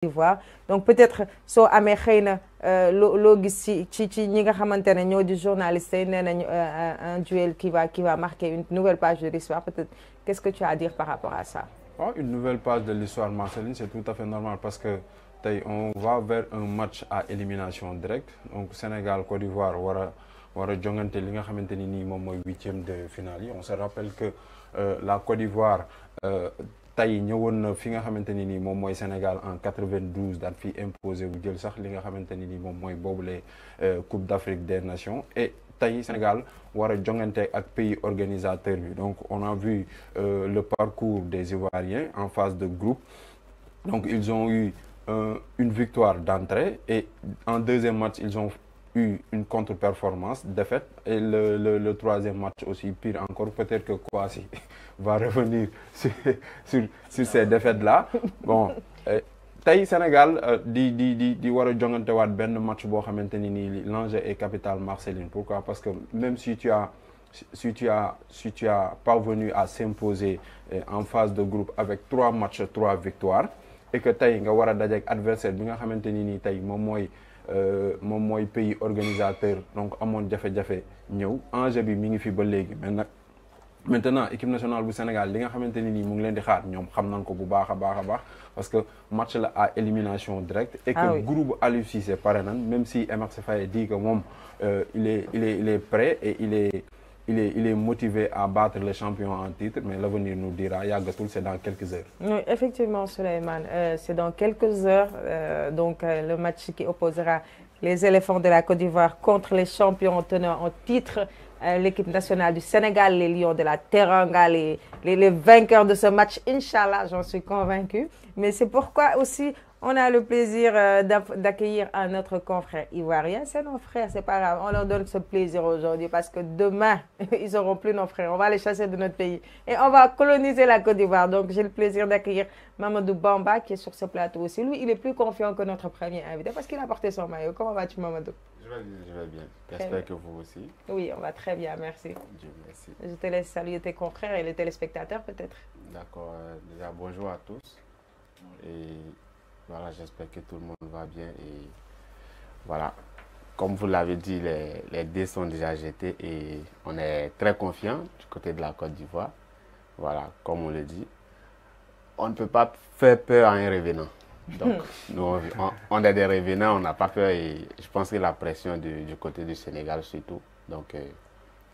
d'ivoire donc peut-être sur amé xëy euh un duel qui va qui va marquer une nouvelle page de l'histoire peut-être qu'est-ce que tu as à dire par rapport à ça oh, une nouvelle page de l'histoire Marceline c'est tout à fait normal parce que on va vers un match à élimination directe donc Sénégal Côte d'Ivoire de finale on se rappelle que euh, la Côte d'Ivoire euh, tay ñewon na fi nga xamanteni ni mom Sénégal en 92 daal fi imposé bu jël sax li nga xamanteni ni mom moy euh, Coupe d'Afrique des Nations et tay Sénégal wara a jongante ak pays organisateur donc on a vu euh, le parcours des Ivoiriens en phase de groupe donc ils ont eu euh, une victoire d'entrée et en deuxième match ils ont une contre-performance, défaite. Et le, troisième match aussi, pire encore, peut-être que Kwasi va revenir sur, ces défaites-là. Bon, euh, Sénégal euh, di di match Bo ni capital Marceline pourquoi parce que même si tu as si tu as si tu as parvenu à s'imposer euh, en phase de groupe avec trois matchs trois victoires et que adversaire euh, mon mooy pays organisateur donc mon jafé jafé ñëw enjeu bi mi ngi fi ba légui mais nak maintenant équipe nationale du Sénégal li nga xamante ni mo ngi leen di xaar ñom xam nañ ko bu baaxa baaxa baax parce que match la à élimination directe et que ah groupe Aliou Cissé paré nan même si MRC Faye dit que euh, il est il est il est prêt et il est il est, motivé à battre les champions en titre, mais l'avenir nous dira, Yagatoul, c'est dans quelques heures. Oui, effectivement, Suleiman, euh, c'est dans quelques heures, euh, donc euh, le match qui opposera les éléphants de la Côte d'Ivoire contre les champions tenants en titre, l'équipe nationale du Sénégal, les Lions de la Teranga, les, vainqueurs de ce match, Inch'Allah, j'en suis convaincu. Mais c'est pourquoi aussi on a le plaisir euh, d'accueillir un autre confrère ivoirien. C'est nos frères, c'est pas grave. On leur donne ce plaisir aujourd'hui parce que demain, ils n'auront plus nos frères. On va les chasser de notre pays et on va coloniser la Côte d'Ivoire. Donc, j'ai le plaisir d'accueillir Mamadou Bamba qui est sur ce plateau aussi. Lui, il est plus confiant que notre premier invité parce qu'il a porté son maillot. Comment vas-tu, Mamadou Je vais bien, je vais bien. J'espère que vous aussi. Oui, on va très bien, merci. Dieu merci. Je te laisse saluer tes confrères et les téléspectateurs peut-être. D'accord. Euh, déjà, bonjour à tous. Et voilà, j'espère que tout le monde va bien et voilà. Comme vous l'avez dit, les, les, dés sont déjà jetés et on est très confiant du côté de la Côte d'Ivoire. Voilà, comme on le dit, on ne peut pas faire peur à un revenant. Donc, hmm. nous, on, a est des revenants, on n'a pas peur et je pense que la pression du, côté du Sénégal surtout. Donc, euh,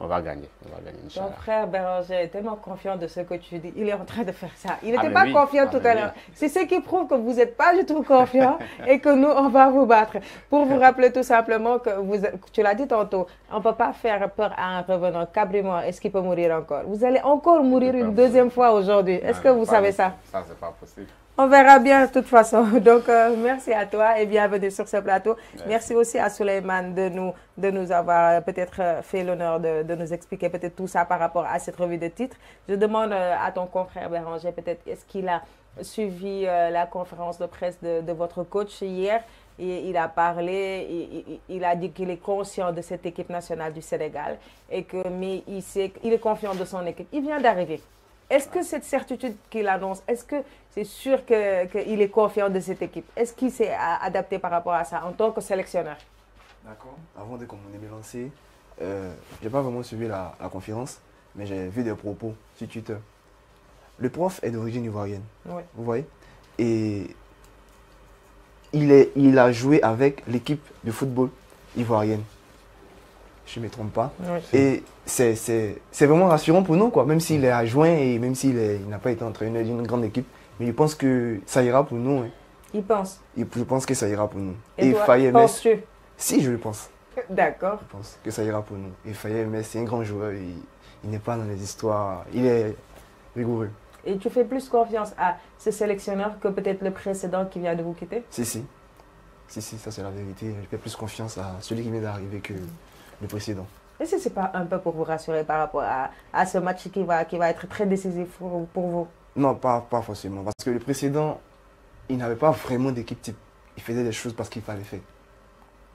on va gagner. On va gagner Ton frère Béranger est tellement confiant de ce que tu dis. Il est en train de faire ça. Il n'était ah, pas confiant ah, tout à l'heure. C'est ce qui prouve que vous n'êtes pas du tout confiant et que nous, on va vous battre. Pour vous rappeler tout simplement que vous, tu l'as dit tantôt, on ne peut pas faire peur à un revenant. Cabriment, est-ce qu'il peut mourir encore Vous allez encore mourir une deuxième fois aujourd'hui. Est-ce que vous savez ça Ça, c'est pas possible. On verra bien de toute façon. Donc, euh, merci à toi et bienvenue sur ce plateau. Merci, aussi à Suleiman de nous, de nous avoir euh, peut-être euh, fait l'honneur de, nous expliquer peut-être tout ça par rapport à cette revue de titres. Je demande à ton confrère Béranger, peut-être, est-ce qu'il a suivi la conférence de presse de, votre coach hier il, il, a parlé, il, a dit qu'il est conscient de cette équipe nationale du Sénégal et que mais il, sait, il est confiant de son équipe. Il vient d'arriver. Est-ce que cette certitude qu'il annonce, est-ce que c'est sûr qu'il est confiant de cette équipe Est-ce qu'il s'est adapté par rapport à ça en tant que sélectionneur D'accord. Avant de commencer, euh, je n'ai pas vraiment suivi la, conférence, mais j'ai vu des propos sur Twitter. Le prof est d'origine ivoirienne. Vous voyez Et il, est, il a joué avec l'équipe de football ivoirienne je ne me trompe pas. Et c'est vraiment rassurant pour nous, quoi. même s'il est adjoint et même s'il n'a pas été entraîneur d'une grande équipe. Mais je pense que ça ira pour nous. Hein. Il pense Je pense que ça ira pour nous. Et, et penses -tu? Si, je le pense. D'accord. Je pense que ça ira pour nous. Et Faye c'est un grand joueur. Il, il n'est pas dans les histoires. Il est rigoureux. Et tu fais plus confiance à ce sélectionneur que peut-être le précédent qui vient de vous quitter Si, si. Si, si, ça c'est la vérité. Je fais plus confiance à celui qui vient d'arriver que mm. Le précédent. Et si ce n'est pas un peu pour vous rassurer par rapport à, ce match qui va, qui va être très décisif pour, vous Non, pas, pas forcément. Parce que le précédent, il n'avait pas vraiment d'équipe type. Il faisait des choses parce qu'il fallait faire.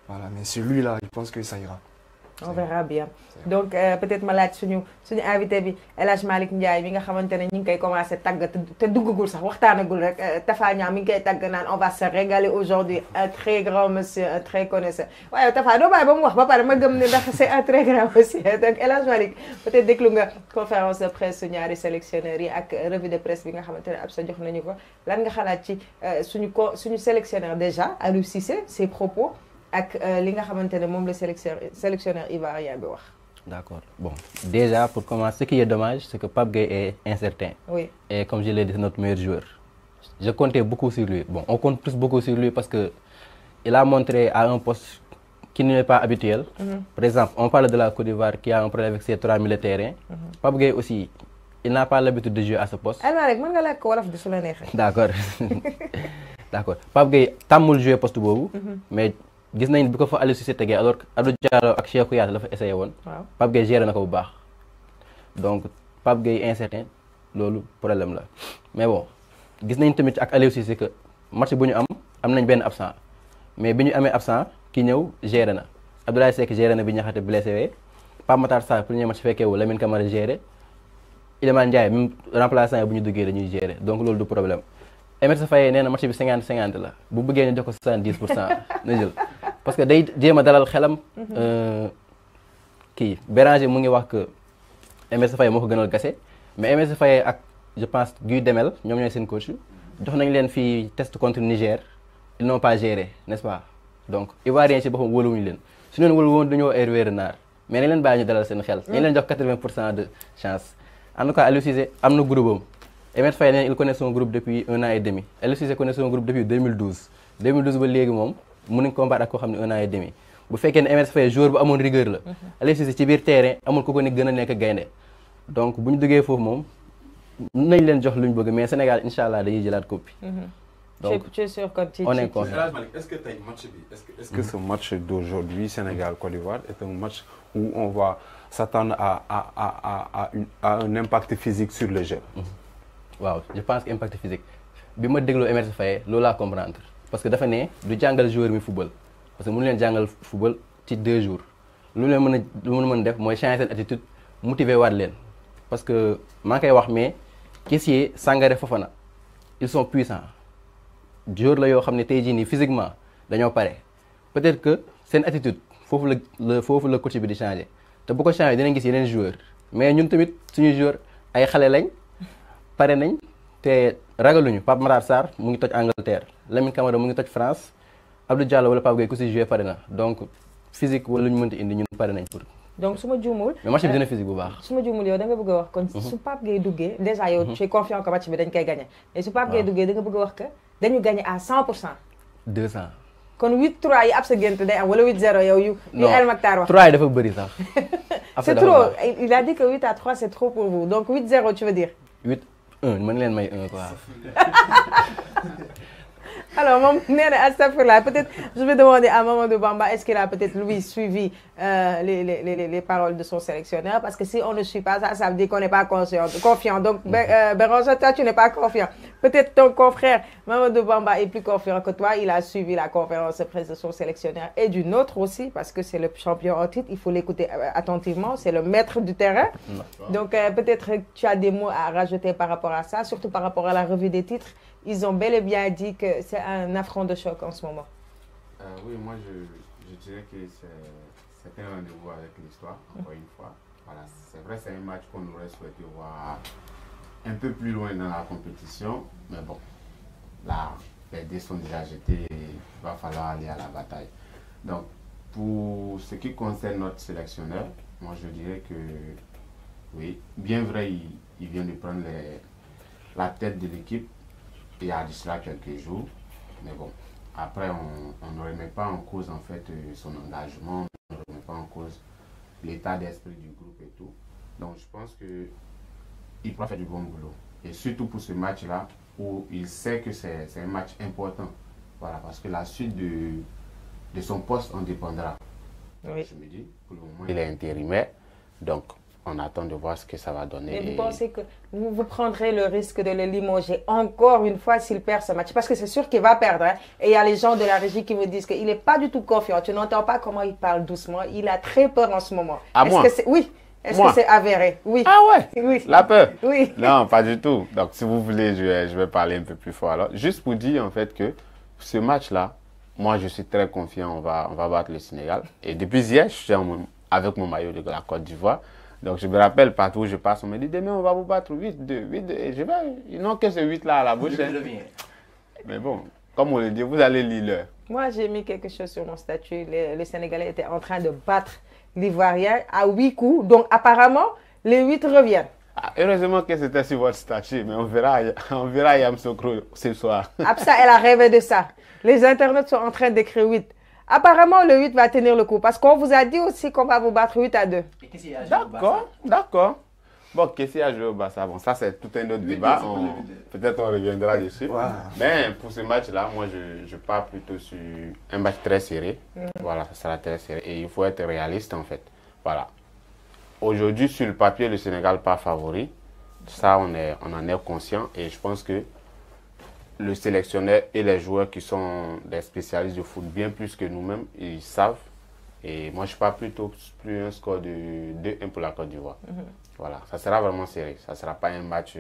Voilà, mais celui-là, je pense que ça ira on verra bien donc euh, peut-être ma laaj suñu suñu invité bi El Malik Ndiaye mi nga xamante ne ñu ngi koy commencé tàgg te duggagul sax waxtaanagul rek euh, Tafa Niang mi ngi koy tàgg naan on va se régaler aujourd'hui un très grand monsieur un très connaisseur waaye Tafa doo bàyyi ba wax ba pare ma ne ndax c'est un très grand monsieur donc El Malik, peut-être déglu nga conférence de presse su sélectionneur, sélectionneurs yi ak revue de presse bi nga xamante ne ab sa jox nañu ko lan nga xalaat ci euh, suñu suñu sélectionneur déjà a Cissé ses propos ak euh, li nga sélectionneur wax. bon déjà pour commencer ce qui est dommage c'est que Pape est incertain. oui et comme je l'ai dit notre meilleur joueur. je comptais beaucoup sur lui bon on compte plus beaucoup sur lui parce que il a montré à un poste qui n'est pas habituel. Mhm. par exemple on parle de la Côte d'Ivoire qui a un problème avec ses trois militaires. Mhm. Pape aussi il n'a pas l'habitude de jouer à ce poste. d'accord ah, d'accord mën nga làkk la D'accord. D'accord. D'accord. jouer poste mhm. mais gis nañ bi ko fa Aliou Cissé tegee alors que Abdou Diallo ak Cheikhou Yalla la fa essayé won Pap Pape Gueye géré na ko bu baax. donc Pap Gueye incertain loolu problème la mais bon gis nañ tamit ak Aliou Cissé que match bu ñu am am nañ benn absent mais bi ñu amee absent ki ñëw géré na Abdoulaye Seck géré na bi ñaxate blessé wee Pape Matar Sarr premier match fekkee wu Lamine Camara géré Iliman Ndiaye même remplaçant yi bu ñu duggee dañuy géré donc loolu du problème Emerse Faye nee na match bi 50 50 la bu bëggee ñu jox ko 70 pour cent na jël parce que day jéem a dalal xelam. Mhm. Euh, kii Béranger mu ngi wax que MS Faye moo le gënal Gassé mais MS Faye ak je pense Guy Demel ñoom ñooy seen coach jox nañ leen fii test contre Niger ils n'ont pas géré n'est-ce pas donc Ivoirien ci boppam wóoluwuñu leen su ñu leen wóolu woon dañoo erreur naar mais nañ leen bàyyi ñu dalal seen xel. leen jox 80 pour de chance. en tout cas Aliou Cissé am na groupe am Faye il connaît son groupe depuis un an et demi Aliou Cissé connaît son groupe depuis 2012 2012 ba léegi moom mën nañ combattre ak koo xam ne un an et demi bu fekkee ne Emerse joueur bu amoon rigueur la mhm. Aliou Cissé ci biir terrain amul ku ko ne gën a nekk gaynde donc bu ñu duggee foofu moom nañ leen jox luñ bëgg mais Sénégal incha allah dañuy jëlaat coupe bi mhm. donc tu es sûr que tu on est confiant est-ce que tey match bi est-ce que ce que ce match d'aujourd'hui Sénégal Côte d'Ivoire est un match où on va s'attendre à à à à une à un impact physique sur le jeu mhm. waaw je pense impact physique bi ma dégloo Emerse Faé loolu laa comprendre parce que dafa ne du jàngal joueur mi football parce que mënu leen jàngal football ci deux jours lu leen mën a lu mu mën def mooy changer seen attitude motiver waat leen parce que maa ngi koy wax mais Kessié Sangaré Fofana ils sont puissants joueur la yoo xam ne tey jii nii physiquement dañoo pare peut-être que seen attitude foofu la le foofu la coach bi di changer te bu ko changer dinañ gis yeneen joueur mais ñun tamit suñu joueur ay xale lañ pare nañ te. ragaluñu pap marar sar mu ngi toj Angleterre Lamine Camara mu ngi toj France Abdou Diallo wala pap gay ku ci jouer pare donc physique wala luñu ñu indi ñun pare nañ pour. donc suma djumul mais match bi euh, dina physique bu baax. suma djumul yow da nga bëgg wax kon. Mhm. su pap gay duggé déjà yow. Mhm. tu es confiant que match bi dañ koy gagner et su pap gay duggé da nga bëgg wax que dañu gagner à 100 200. kon 8-3 yi ab sa gént day am wala 8-0 yow yu. yu El Mactar wax 3 dafa bëri sax. c'est trop il a dit que 8 à 3 c'est trop pour vous donc 8-0 tu veux dire. 8 quoi. alors peut-être je vais demander à Maman de Bamba est-ce qu'il a peut-être lui suivi euh, les, paroles de son sélectionneur parce que si on ne suit pas ça ça veut dire qu'on n'est pas confiant donc ben, euh, Béranger toi tu n'es pas confiant. Peut-être ton confrère Mamadou Bamba est plus confiant que toi. Il a suivi la conférence de presse de son sélectionnaire et d'une autre aussi, parce que c'est le champion en titre. Il faut l'écouter euh, attentivement. C'est le maître du terrain. Donc euh, peut-être tu as des mots à rajouter par rapport à ça, surtout par rapport à la revue des titres. Ils ont bel et bien dit que c'est un affront de choc en ce moment. Euh, oui, moi je, dirais que c'est un rendez-vous avec l'histoire, encore une fois. c'est vrai, c'est un match qu'on aurait souhaité voir un peu plus loin dans la compétition. Mais bon, là, les dés sont déjà jetés il va falloir aller à la bataille. Donc, pour ce qui concerne notre sélectionneur, moi je dirais que, oui, bien vrai, il, vient de prendre la tête de l'équipe et y a cela quelques jours. Mais bon, après, on ne remet pas en cause en fait euh, son engagement, on ne remet pas en cause l'état d'esprit du groupe et tout. Donc je pense que il pourra faire du bon boulot. Et surtout pour ce match-là, où il sait que c'est un match important. Voilà, parce que la suite de, de son poste en dépendra. Oui. il est intérimaire. Donc, on attend de voir ce que ça va donner. Mais vous pensez que vous, vous prendrez le risque de le limoger encore une fois s'il perd ce match Parce que c'est sûr qu'il va perdre. Hein. Et il y a les gens de la régie qui me disent qu'il n'est pas du tout confiant. Tu n'entends pas comment il parle doucement. Il a très peur en ce moment. À moi que Oui. Est-ce que c'est avéré Oui. Ah ouais Oui. La peur Oui. Non, pas du tout. Donc, si vous voulez, je vais, je vais parler un peu plus fort. Alors, juste pour dire en fait que ce match-là, moi, je suis très confiant, on va, on va battre le Sénégal. Et depuis hier, je suis avec mon maillot de la Côte d'Ivoire. Donc, je me rappelle, partout où je passe, on me dit demain, on va vous battre 8-2, 8-2. Et je vais, ils n'ont que ce 8-là à la bouche. Hein. Mais bon, comme on le dit, vous allez lire Moi, j'ai mis quelque chose sur mon statut. Le les Sénégalais étaient en train de battre l'Ivoirien à huit coups. Donc apparemment, les 8 reviennent. Ah, heureusement que c'était sur votre statut, mais on verra, on verra ce soir. ça, elle a rêvé de ça. Les internautes sont en train d'écrire 8. Apparemment, le 8 va tenir le coup parce qu'on vous a dit aussi qu'on va vous battre 8 à 2. D'accord, d'accord. Bon, qu'est-ce qu'il y a joué au Barça, bon, ça c'est tout un autre débat. Peut-être on reviendra dessus. Mais pour ce match-là, moi je, pars plutôt sur un match très serré. Mm. Voilà, ça sera très serré. Et il faut être réaliste en fait. Voilà. Aujourd'hui, sur le papier, le Sénégal pas favori. Ça, on, est, on en est conscient. Et je pense que le sélectionneur et les joueurs qui sont des spécialistes de foot bien plus que nous-mêmes, ils savent. Et moi, je pars plutôt plus un score de 2-1 pour la Côte d'Ivoire. Mm-hmm. Voilà, ça sera vraiment serré. Ça ne sera pas un match.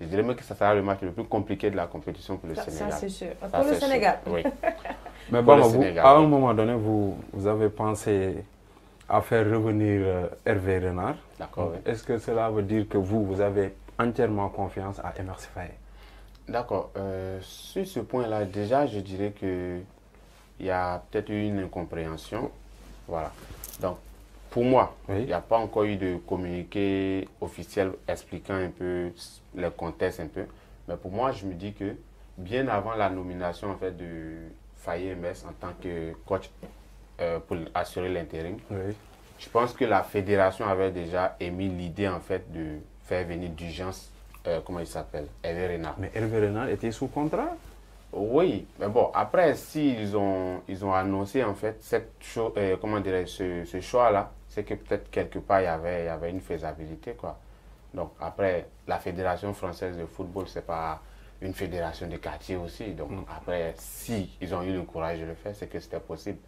Je dirais même que ça sera le match le plus compliqué de la compétition pour le Sénégal. Ça, c'est sûr. pour le Sénégal. Oui. Mais bon, à un moment donné, vous, vous avez pensé à faire revenir euh, Hervé Renard. D'accord. Est-ce que cela veut dire que vous, vous avez entièrement confiance à Temer Faye D'accord. Euh, sur ce point-là, déjà, je dirais qu'il y a peut-être une incompréhension. Voilà. Donc, pour moi, il n'y a pas encore eu de communiqué officiel expliquant un peu le contexte un peu. Mais pour moi, je me dis que bien avant la nomination en fait de Faye MS en tant que coach euh, pour assurer l'intérim, je pense que la fédération avait déjà émis l'idée en fait de faire venir d'urgence, euh, comment il s'appelle, Hervé Renard. Mais Hervé Renard était sous contrat oui, mais bon, après, s'ils ont, ils ont annoncé en fait cette euh, comment ce choix-là, c'est que peut-être quelque part, il y avait, il y avait une faisabilité. Quoi. Donc après, la Fédération française de football, c'est pas une fédération de quartier aussi. Donc mm. après, si ils ont eu le courage de le faire, c'est que c'était possible.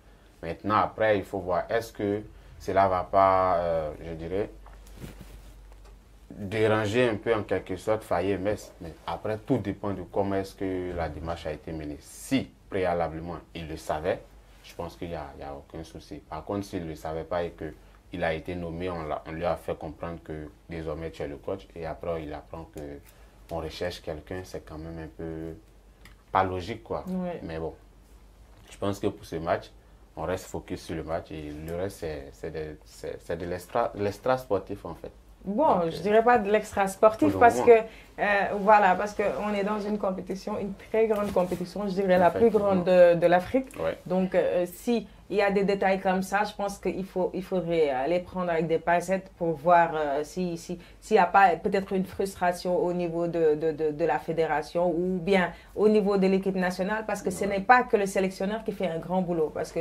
Maintenant, après, il faut voir, est-ce que cela va pas, euh, je dirais, déranger un peu en quelque sorte faillir mais, mais après, tout dépend de comment est-ce que la démarche a été menée. Si préalablement, ils le savaient, je pense qu'il n'y a, a, aucun souci. Par contre, s'ils ne le savaient pas et que il a été nommé, on, lui a fait comprendre que désormais tu es le coach et après il apprend que on recherche quelqu'un, c'est quand même un peu pas logique quoi. Mais bon, je pense que pour ce match, on reste focus sur le match et le reste c'est de, de l'extra sportif en fait. Bon, je euh, dirais pas de l'extra sportif parce que euh, voilà, parce qu'on est dans une compétition, une très grande compétition, je dirais la plus grande de, l'Afrique. Donc, euh, si il y a des détails comme ça, je pense qu'il faut, il faudrait aller prendre avec des pincettes pour voir euh, s'il si, a pas peut-être une frustration au niveau de, la fédération ou bien au niveau de l'équipe nationale, parce que ce n'est pas que le sélectionneur qui fait un grand boulot, parce que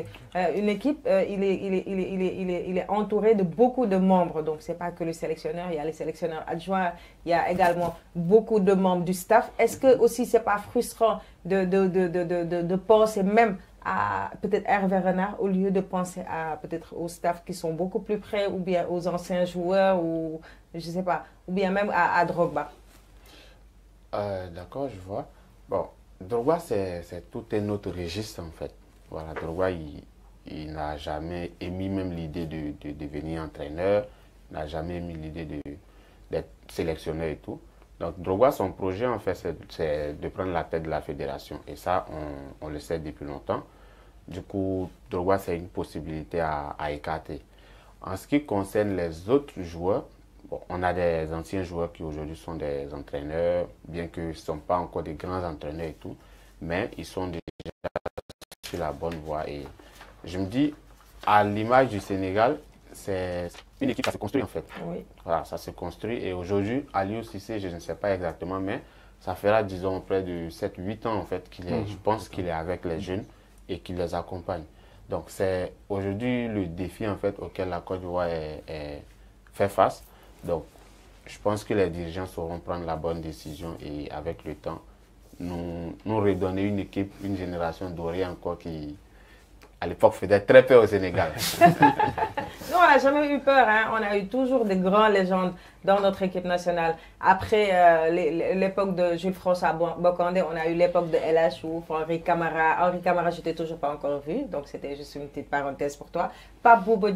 une équipe, il, est, il, est, entouré de beaucoup de membres, donc c'est pas que le sélectionneur, il y a les sélectionneurs adjoints, il y a également beaucoup de membres du staff. Est-ce que aussi c'est pas frustrant de, de, penser même à peut-être Hervé Renard au lieu de penser à peut-être aux staff qui sont beaucoup plus près ou bien aux anciens joueurs ou je sais pas, ou bien même à, Drogba euh, D'accord, je vois. Bon, Drogba c'est tout un autre registre en fait. Voilà, Drogba il, n'a jamais émis même l'idée de, devenir entraîneur, n'a jamais émis l'idée d'être sélectionneur et tout. Donc, Drogba, son projet, en fait, c'est de prendre la tête de la fédération. Et ça, on, le sait depuis longtemps. Du coup, Drogba, c'est une possibilité à, écarter. En ce qui concerne les autres joueurs, on a des anciens joueurs qui aujourd'hui sont des entraîneurs, bien qu'ils ne sont pas encore des grands entraîneurs et tout, mais ils sont déjà sur la bonne voie. Et je me dis, à l'image du Sénégal, c'est une équipe, qui se construit en fait. Voilà, ça se construit. Et aujourd'hui, à l'IOCC, je ne sais pas exactement, mais ça fera, disons, près de 7-8 ans en fait qu'il est, je mhm. pense qu'il est avec les jeunes et qu'il les accompagne. Donc c'est aujourd'hui le défi en fait auquel la Côte d'Ivoire est, fait face. Donc je pense que les dirigeants sauront prendre la bonne décision et avec le temps, nous, nous redonner une équipe, une génération dorée encore qui, à l'époque, faisait très peu au Sénégal. on n'a jamais eu peur. Hein. On a eu toujours des grandes légendes dans notre équipe nationale. Après euh, l'époque de Jules-François Bocandé, on a eu l'époque de LH ou Henri Camara. Henri Camara, je t'ai toujours pas encore vu, donc c'était juste une petite parenthèse pour toi. Pape Bouba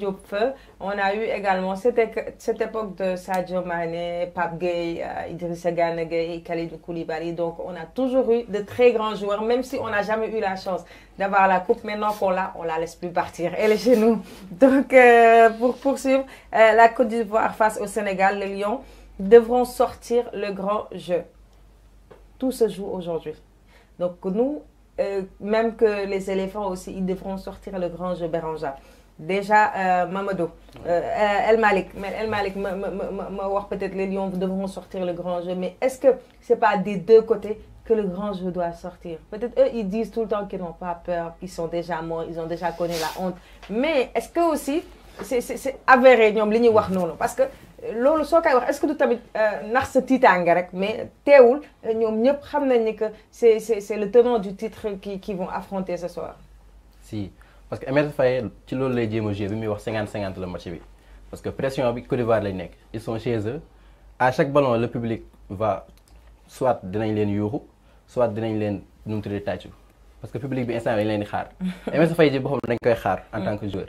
on a eu également cette, cette époque de Sadio Mane, Pape Gay, euh, Idrissa Khalidou Koulibaly. Donc on a toujours eu de très grands joueurs, même si on n'a jamais eu la chance d'avoir la coupe. Maintenant qu'on l'a, on la laisse plus partir. Elle est chez nous. Donc euh, pour poursuivre, la Côte d'Ivoire face au Sénégal, les Lions devront sortir le grand jeu. Tout se joue aujourd'hui. Donc nous, euh, même que les éléphants aussi, ils devront sortir le grand jeu Béranja. Déjà, euh, Mamadou, euh, El Malik, El Malik, peut-être les lions devront sortir le grand jeu, mais est-ce que ce n'est pas des deux côtés que le grand jeu doit sortir Peut-être eux, ils disent tout le temps qu'ils n'ont pas peur, qu'ils sont déjà morts, ils ont déjà connu la honte. Mais est-ce que aussi, c'est avéré, parce que wax est-ce que du tamit euh, nax sa tiitaange rek mais teewul euh, ñoom ñëpp xam nañ ni que c'est le tenant du titre qui qui vont affronter ce soir. si parce que M. Faye ci loolu lay jéem a bi muy wax 50-50 la match bi parce que pression bi Côte les lañ ils sont chez eux à chaque ballon le public va soit dinañ leen yuuxu soit dinañ leen nu mu parce que public bi instant bi dañ leen di xaar Ahmed Faye ji boo xam ne dañ koy xaar en tant que joueur.